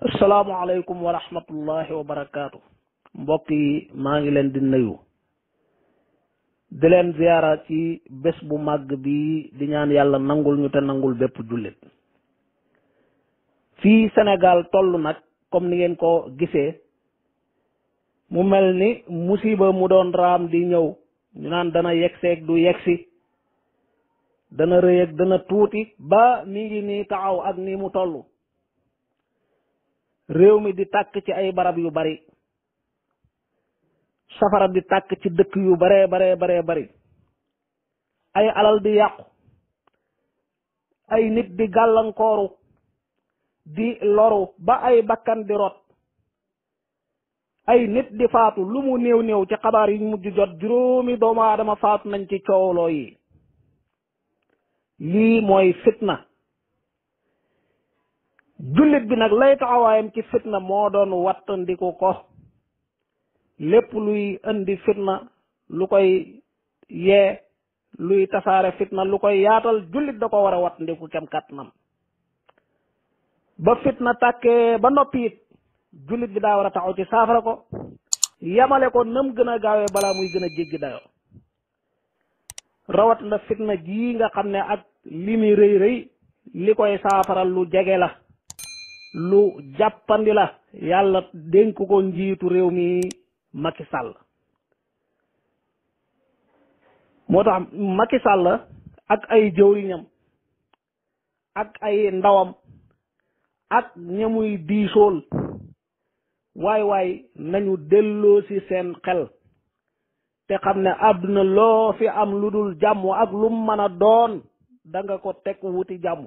asalaamualeykum wa rahmatullahi wa barakaatu. mbokk yi maa ngi leen di nuyu. di leen ziyaara ci bés bu màgg bi di ñaan yàlla nangul ñu te nangul bépp jullit. fii Sénégal toll nag comme ni ngeen ko gisee. mu mel ni musiba mu doon raam di ñëw ñu naan dana yegseeg du yegsi. dana rëy dana tuuti ba mi ngi nii taxaw ak ni mu tollu réew mi di tàkk ci ay barab yu bari safara di tàkk ci dëkk yu baree baree baree bari ay alal di yàqu ay nit di gàllankooru di loru ba ay bakkan di rot ay nit di faatu lu mu néew néew ci xabaar yi mujj jot juróomi doomu aadama faatu nañ ci coowloo yi lii mooy fitna jullit bi nag lay taxawaayam ci fitna moo doon wattandiku ko lépp luy indi fitna lu koy yee luy tasaare fitna lu koy yaatal jullit da ko war a wattandiku kem kàttanam ba fitna tàkkee ba noppi it jullit bi daa war a taxaw ci saafara ko yamale ko nam gën a gaawee balaa muy gën a jéggi dayo rawat na fitna jii nga xam ne ak li muy rëy rëy li koy saafara lu jege la lu jàppandi la yàlla dénk ko njiitu réew mi Macky Sall moo tax Macky Sall ak ay jëwriñam ak ay ndawam ak ñamuy diisool waay waay nañu delloo ci seen xel te xam ne àdduna loo fi am lu dul jàmm ak lu mën doon danga ko teg wuti jàmm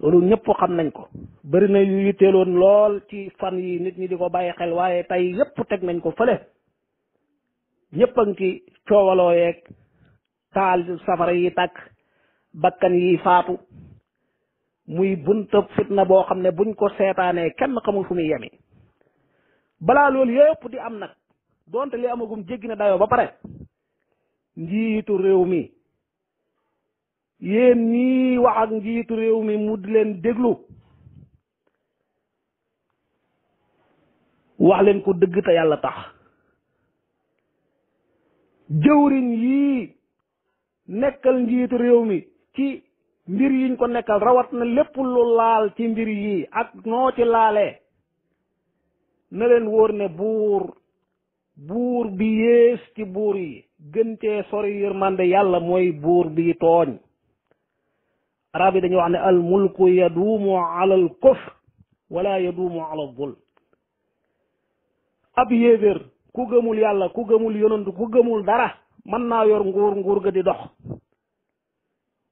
loolu ñëpp xam nañ ko bëri na yu yitteeloon lool ci fan yi nit ñi di ko bàyyi xel waaye tey yëpp teg nañ ko fële ñëpp a ci coowaloo yeeg taal safara yi tàkk bakkan yi faatu muy bunta fitna boo xam ne buñ ko seetaanee kenn xamul fu muy yemi balaa loolu yëpp di am nag donte li amagum jéggi na dayoo ba pare njiitu réew mi yéen ñii wax ak njiitu réew mi mu di leen déglu wax leen ko dëgg te yàlla tax jëwriñ yii nekkal njiitu réew mi ci mbir yiñ ko nekkal rawat na lépp lu laal ci mbir yi ak noo ci laalee na leen wóor ne buur buur bi yées ci buur yi gën cee sori yërmande yàlla mooy buur bi tooñ arab yi dañuy wax ne al mulku yaduumu ala al kufr wala ab yéeféer ku gëmul yàlla ku gëmul yonantu ku gëmul dara man naa yor nguur nguur ga di dox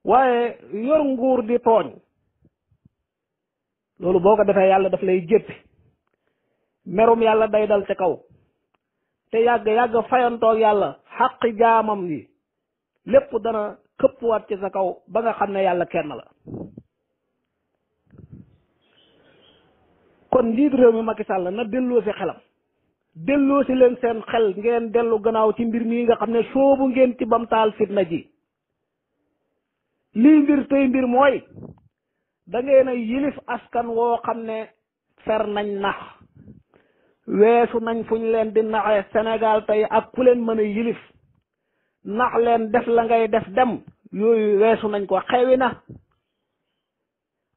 waaye yor nguur di tooñ loolu boo ko defee yàlla daf lay jéppi merum yàlla day dal ci kaw te yàgg yàgg fayantoog yàlla xaqi jaamam yi lépp dana këppwaat ci sa kaw ba nga xam ne yàlla kenn la kon njiit réew mi Macky Sall na delloo si xelam delloo si leen seen xel ngeen dellu gannaaw ci mbir mii nga xam ne soobu ngeen ci bamtaal fitna ji lii mbir tey mbir mooy da ngeen yilif askan woo xam ne fer nañ nax weesu nañ fu ñu leen di naxee Sénégal tey ak ku leen mën a yilif nax leen def la ngay def dem yooyu weesu nañ ko xewi na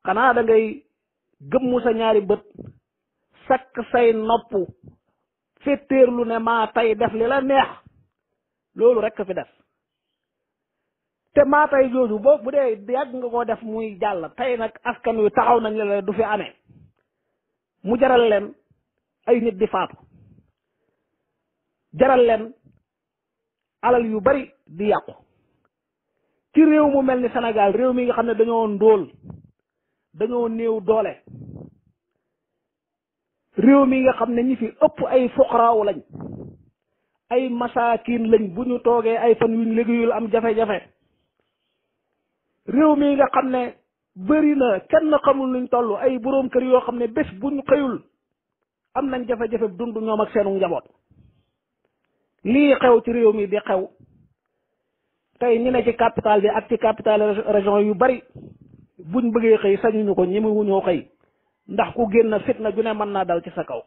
xanaa da ngay gëmmu sa ñaari bët sakk say nopp fetteerlu ne maa tey def li la neex loolu rekk fi def te maa tey jooju boo bu dee yàgg nga koo def muy jàll tay nag askan wi taxaw nañ la du fi ame mu jaral leen ay nit di faatu jaral leen alal yu bari di yàqu ci réew mu mel ni senegal réew mi nga xam ne dañoo ndóol dañoo néew doole réew mi nga xam ne ñi fi ëpp ay fuqaraaw lañ ay masaakin lañ bu ñu toogee ay fan yuñ liggéeyul am jafe-jafe réew mi nga xam ne bëri na kenn xamul nuñ toll ay boroom kër yoo xam ne bés ñu xëyul am nañ jafe-jafe dund ñoom ak seenu njaboot lii xew ci réew mi di xew tey ñu ci capital bi ak ci capital région yu bari buñ bëggee xëy sañuñu ko ñi mu wuñoo xëy ndax ku génn fitna ju ne mën naa dal ci sa kaw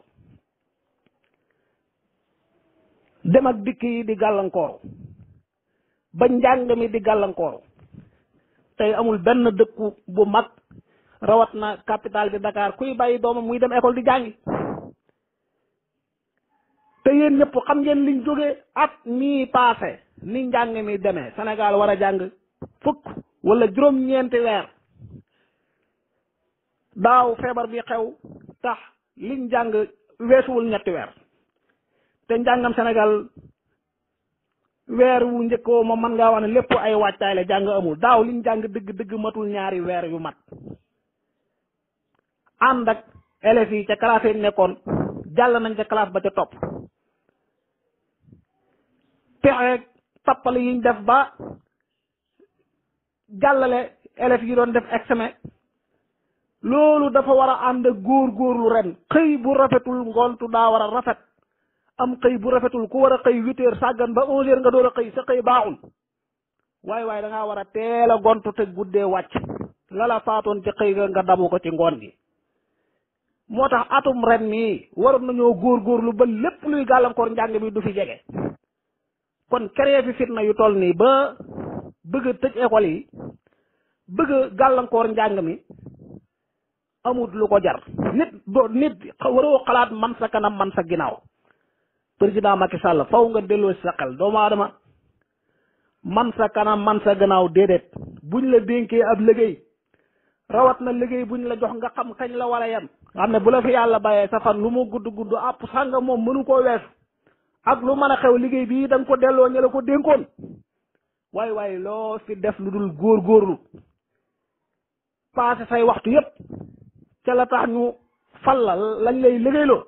dem ak dikk yi di gàllankooru ba njàng mi di gàllankooru tey amul benn dëkku bu mag rawat na capital bi Dakar kuy bàyyi doomam muy dem école di jàngi te yéen ñëpp xam ngeen liñ jóge at mii passé ni njàng mi demee Sénégal war a jàng fukk wala juróom-ñeenti weer daaw feebar bi xew tax liñ jàng weesuwul ñetti weer te njàngam Sénégal weer wu njëkkoo moom man ngaa wax ne lépp ay wàccaay la jàng amul daaw liñ jàng dëgg dëgg matul ñaari weer yu mat ànd ak élèves yi ca classe yi nekkoon jàll nañ ca classe ba ca topp pexeeg tappale yiñ def ba jàllale élèves yi doon def examen loolu dafa war a ànd góor góorlu ren xëy bu rafetul ngoontu daa war a rafet am xëy bu rafetul ku war a xëy huit sàggan ba onze nga door a xëy sa xëy baaxul waaye waaye da war a teel a gontu te guddee wàcc lala faatoon ci xëy nga nga ko ci ngoon gi moo tax atum ren mii waroon nañoo góor góorlu ba lépp luy gàllankoor njàng mi du fi jege kon créer fi fitna yu toll nii ba bëgg a tëj école yi bëgg gàllankoor njàng mi amut lu ko jar nit doo xalaat man sa kanam man sa ginnaaw président Macky Sall faw nga delloo si sa xel doomu aadama man sa kanam man sa gannaaw déedéet buñ la dénkee ab liggéey rawat na liggéey buñ la jox nga xam kañ la war a yem. ne bu la fi yàlla bàyyee sa fan lu mu gudd gudd àpp sànga moom mënu koo weesu ak lu mën a xew liggéey bi da nga ko delloo ña la ko dénkoon waaye waaye loo fi def lu dul góor góorlu paase say waxtu yépp ca la tax ñu fal la lañ lay liggéeyloo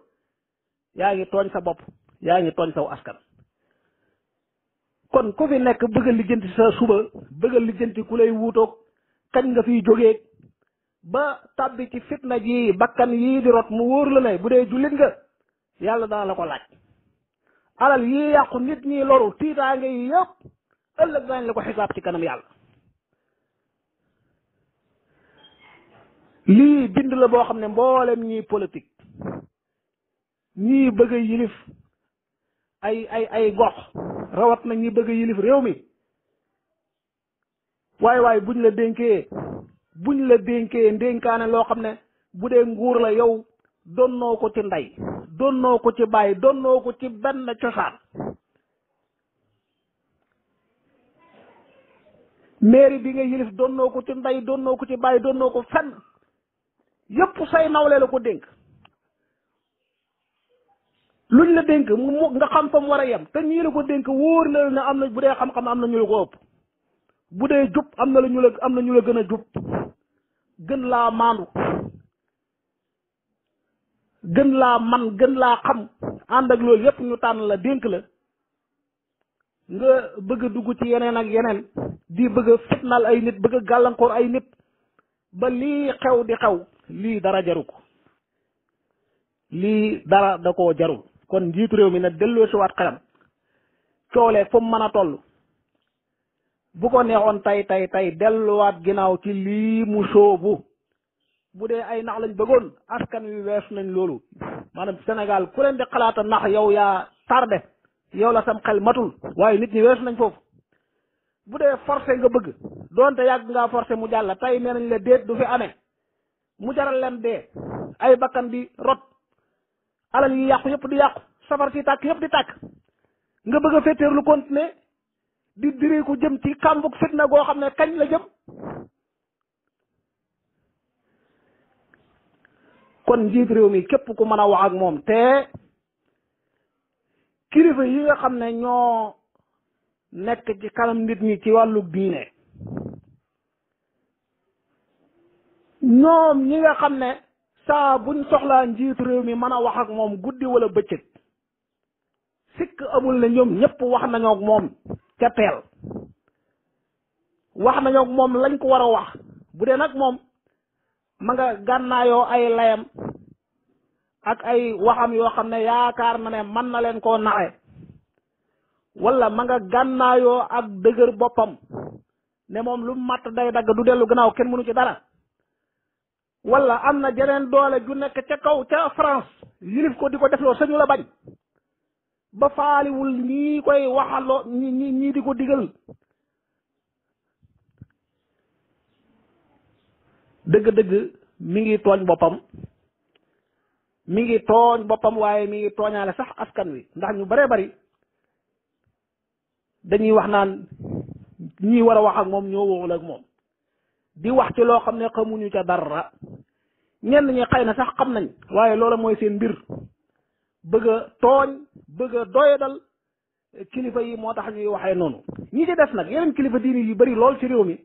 yaa ngi tooñ sa bopp yaa ngi tooñ saw askan kon ku fi nekk bëgg a lijjanti sa suba bëgg a lijjanti ku lay wuutoog kañ nga fiy jógee ba tàbbi ci fitna ji bakkan yii di rot mu wóor la bu dee jullit nga yàlla daa la ko laaj alal yi yàqu nit ñi loru tiitaange yi yëpp ëllëg daañ la ko xisaab ci kanam yàlla lii bind la boo xam ne mboolem ñii politique ñii bëgg a yilif ay ay ay gox rawat na ñi bëgg a yilif réew mi waaye waaye buñ la dénkee buñ la dénkee ndénkaane loo xam ne bu dee nguur la yow donnoo ko ci ndey donnoo ko ci bàyyi donnoo ko ci benn cosaan mairie bi nga yilif donnoo ko ci ndey donnoo ko ci bàyyi donnoo ko fenn yépp say nawle la ko dénk luñ la dénk mu nga xam fa mu war a yem te ñii la ko dénk wóor la ne am na bu dee xam-xam am na ñu la ko ëpp bu dee jub am na la ñu la am na ñu la gën a jub gën laa maandu gën laa man gën laa xam ànd ak loolu yépp ñu tànn la dénk la nga bëgg dugg ci yeneen ak yeneen di bëgg fitnaal ay nit bëgg gàllankoor ay nit ba lii xew di xew lii dara jaru ko lii dara da koo jaru kon njiitu réew mi na delloo si waat xelam coolee fu mu mën a toll bu ko neexoon tey tey tey delluwaat ginnaaw ci lii mu soobu bu dee ay nax lañ bëggoon askan wi wees nañ loolu maanaam Sénégal ku leen di xalaata nax yow yaa tardé yow la sam xel matul waaye nit ñi wees nañ foofu bu dee forcé nga bëgg doonte yàgg ngaa forcé mu jàll tey nee nañ la déet du fi amee mu jaral leen dee ay bakkan di rot alal yi yàqu yëpp di yàqu safar si tàkk yëpp di tàkk nga bëgg a féeteer lu continuer di diriku jëm ci kàmbug fitna goo xam ne kañ la jëm kon njiit réew mi képp ku mën a wax ak moom te kilifa yi nga xam ne ñoo nekk ci kanam nit mi ci wàllu diine ñoom yi nga xam ne saa buñ soxlaa njiitu réew mi mën a wax ak moom guddi wala bëccëg sikk amul ne ñoom ñëpp wax nañoo moom ca teel wax nañoo moom lañ ko war a wax bu dee nag moom ma nga gànnaayoo ay layam ak ay waxam yoo xam ne yaakaar na ne mën na leen koo naxe wala ma nga gànnaayoo ak dëgër boppam ne moom lu matt day dagg du dellu gannaaw kenn mënu ci dara walla am na jeneen doole ju nekk ca kaw ca France yilif ko di ko defloo sañu la bañ ba faaliwul ñii koy waxaloo ñi ñii di ko digal dëgg-dëgg mi ngi tooñ boppam mi ngi tooñ boppam waaye mi ngi tooñaale sax askan wi ndax ñu bëree bari dañuy wax naan ñi war a wax ak moom ñoo waxul ak moom di wax ci loo xam ne xamuñu ca dara ñenn ñi xëy na sax xam nañ waaye loola mooy seen mbir bëgg a tooñ bëgg doyadal kilifa yi moo tax ñuy waxee noonu ñi ci des nag yeneen kilifa diini yu bari lool ci réew mi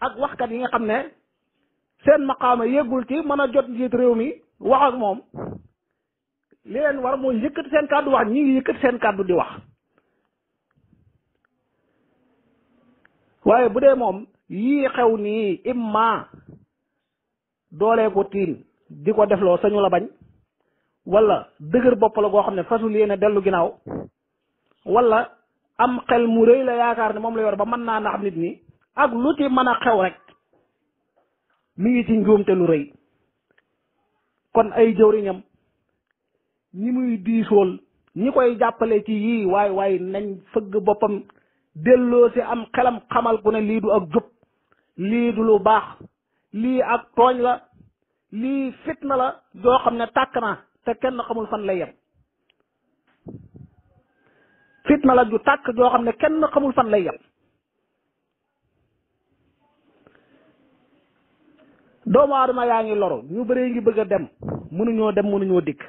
ak waxkat yi nga xam ne seen maqaama yéggul ci mën a jot njiit réew mi wax ak moom li leen war mooy yëkkati seen kàddu wax ñi ngi yëkkati seen kàddu di wax waaye bu dee moom yii xew nii imma doole ko tiin di ko defloo sañu la bañ walla dëgër bopp la goo xam ne fasul yéene dellu ginnaaw wala am xel mu rëy la yaakaar ne moom la yor ba mën naa nax nit ñi ak lu ci mën a xew rek mi ngi ci njuumte lu rëy kon ay jëwriñam ñi muy diisool ñi koy jàppale ci yii waay waay nañ fëgg boppam delloo si am xelam xamal ku ne lii du ak jub lii du lu baax lii ak tooñ la lii fitna la joo xam ne tàkk na te kenn xamul fan lay yem fitna la ju tàkk joo xam ne kenn xamul fan lay yem doomu aadama yaa ngi loru ñu bëree ngi bëgg a dem mënuñoo dem mënuñoo dikk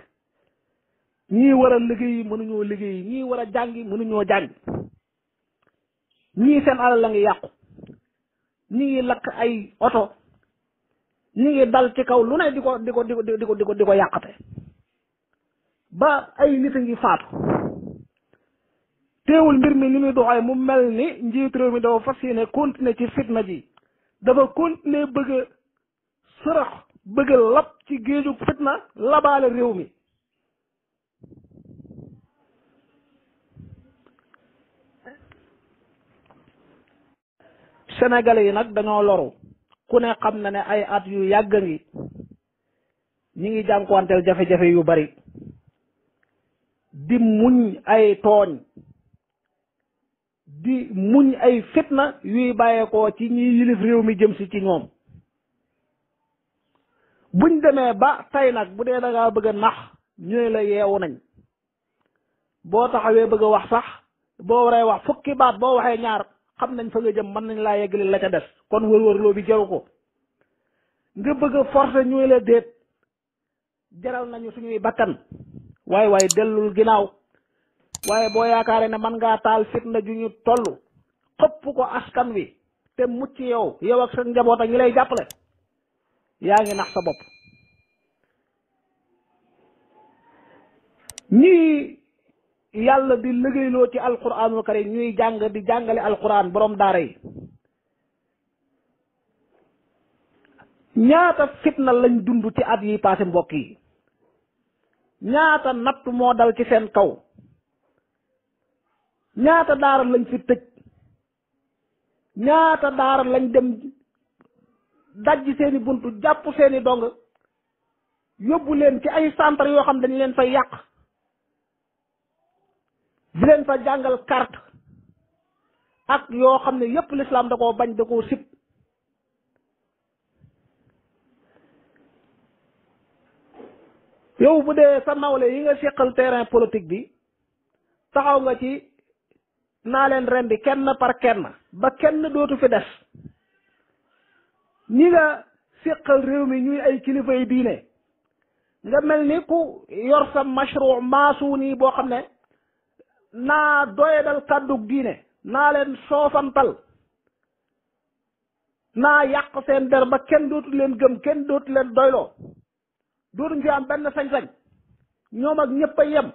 ñii war a liggéey mënuñoo liggéey ñii war a jàngi mënuñoo jàng ñii seen alal la ngi yàqu ñi ngi lakk ay oto ñi ngi dal ci kaw lu ne di ko di ko di ko di ko di ko di ba ay nit a ngi faatu teewul mbir mi ni muy doxee mu mel ni njiit réew mi dafa fas yéene continuer ci fitna ji dafa continuer bëgg sërax bëgg a lab ci géeju fitna labaale réew mi sénégalais yi nag dañoo loru ku ne xam na ne ay at yu yàgg ngi ñi ngi jànkuwanteel jafe-jafe yu bari di muñ ay tooñ di muñ ay fitna yuy bàyyeekoo ci ñi yilif réew mi jëm si ci ñoom buñ demee ba tey nag bu dee da ngaa bëgg a nax ñu la yeewu nañ boo taxawee bëgg wax sax boo waree wax fukki baat boo waxee ñaar xam nañ fa jëm man nañ laa yeggale la ca des kon wër-wërloo bi jaru ko nga bëgg a forcer la déet jaral nañu suñuy bakkan waaye waaye dellul ginnaaw waaye boo yaakaaree ne mën ngaa taal fitna ju ñu toll xëpp ko askan wi te mucc yow yow ak sa njaboot ak lay jàppale. yaa ngi nax sa bopp ñii yàlla di liggéeyloo ci alquranul karim ñuy jàng di jàngale alquran boroom daara yi ñaata fitna lañ dund ci at yi passé mbokk yi ñaata natt moo dal ci seen kaw ñaata daara lañ fi tëj ñaata daara lañ dem dajj seeni buntu jàpp seeni dong yóbbu leen ci ay centre yoo xam dañ leen fa yàq di leen fa jàngal carte ak yoo xam ne yépp lislaam da koo bañ da koo sib yow bu dee sa nawle yi nga seqal terrain politique bi taxaw nga ci naa leen rendi kenn par kenn ba kenn dootu fi des ñi nga séqal réew mi ñuy ay kilifa yi diine nga mel ni ku yor sa mashru maasuu nii boo xam ne naa doyadal kàddug diine naa leen soofantal naa yàq seen der ba kenn dootu leen gëm kenn dootu leen doyloo dootuñ fi am benn sañ-sañ ñoom ak ñëpp yem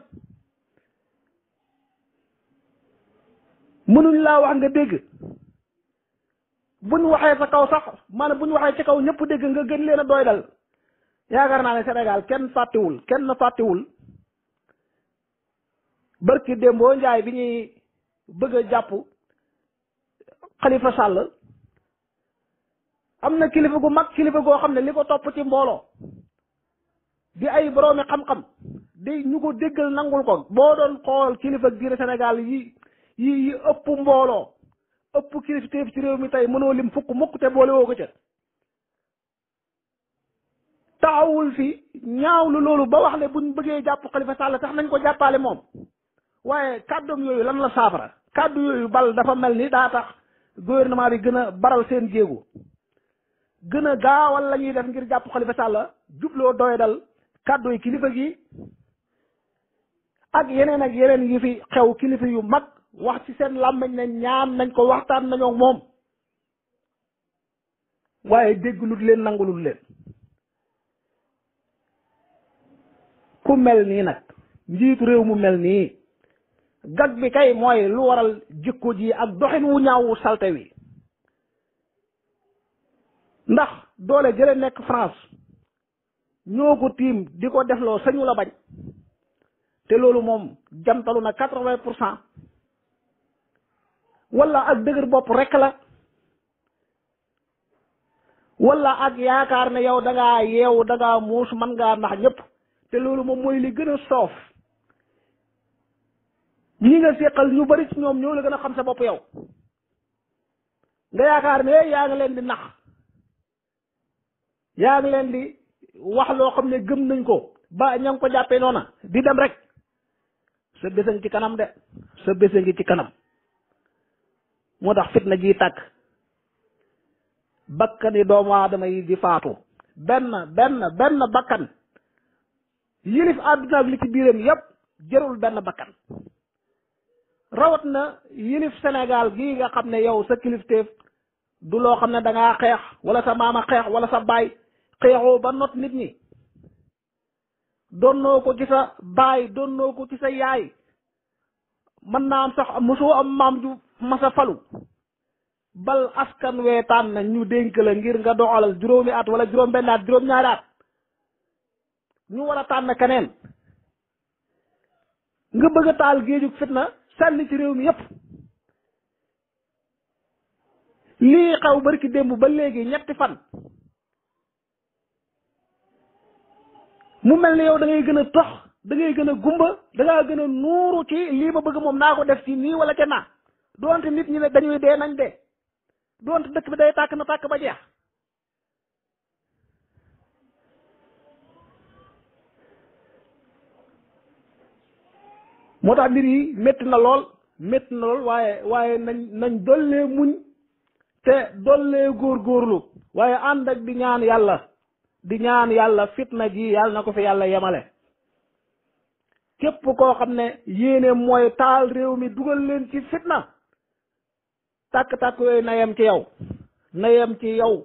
mënuñ laa wax nga dégg buñ waxee sa kaw sax maanaam buñ waxee ci kaw ñëpp dégg nga gën leen a doy dal yaakaar naa ne Sénégal kenn fàttewul kenn fàttewul barki démboo njaay bi ñuy bëgg a jàpp Khalifa Sall am na kilifa gu mag kilifa goo xam ne li ko topp ci mbooloo di ay boroomi xam-xam di ñu ko déggal nangul ko boo doon xool kilifa biir Sénégal yi yi yi ëpp mbooloo ëpp kilifteef ci réew mi tey mënoo lim fukk mukk te boole woo ko ca taxawul fi ñaawlu loolu ba wax ne buñ bëggee jàpp Xalifa Sall sax nañ ko jàppale moom waaye kàddoom yooyu lan la saafara kàddu yooyu bal dafa mel ni daa tax gouvernement bi gën a baral seen jéego gën a gaawal la def ngir jàpp Xalifa Sall jubloo doyadal kàddu yi kilifa gi ak yeneen ak yeneen yi fi xew kilifa yu mag wax ci seen làmmiñ ne ñaan nañ ko waxtaan nañoo moom waaye dégglul leen nangulul leen ku mel nii nag njiitu réew mu mel nii gag bi kay mooy lu waral jikko ji ak doxin wu ñaawu salte wi ndax doole jële nekk France ñoo ko tiim di ko defloo sañu la bañ te loolu moom jamtalu na quatre-vingt pour cent wala ak dëgër bopp rekk la walla ak yaakaar ne yow da ngaa yeewu da ngaa muus mën ngaa nax ñépp te loolu moom mooy li gën a soof ñi nga seqal ñu bari ci ñoom ñoo la gën a xam sa bopp yow nga yaakaar ne yaa ngi leen di nax yaa ngi leen di wax loo xam ne gëm nañ ko ba ña ngi ko jàppee noona di dem rek sa bés a ngi ci kanam de sa bés ngi ci kanam moo tax fitna ji tàkk bakkani doomu aadama yi di faatu benn benn benn bakkan yilif àdduna ak li ci biiram yépp jërul benn bakkan rawat na yilif Sénégal gii nga xam ne yow sa kilifteef du loo xam ne danga ngaa xeex wala sa maama xeex wala sa baay xeexoo ba not nit ñi donnoo ko ci sa baay donnoo ko ci sa yaay mën naa am sax mosoo am maam ju masa falu bal askan wee tànn na ñu dénk la ngir nga doxalal juróomi at wala juróom benn at juróom ñaari at ñu war a tànn keneen nga bëgg taal géejug fitna sànni ci réew mi yépp lii xaw barki démb ba léegi ñetti fan mu mel ni yow da ngay gën a tox da gën a gumba da ngaa gën a nuuru ci lii ma bëgg moom naa ko def ci nii wala ca doonte nit ñi ne dañuy dee nañ dee doonte dëkk bi day tàkk na tàkk ba jeex moo tax mbir metti na lool metti na lool waaye waaye nañ nañ dollee muñ te dollee góorgóorlu waaye ànd ak di ñaan yàlla di ñaan yàlla fitna ji yàlla na ko fi yàlla yemale képp koo xam ne yéene mooy taal réew mi dugal leen ci fitna tàkk-tàkk yooyu na yem ci yow na yem ci yow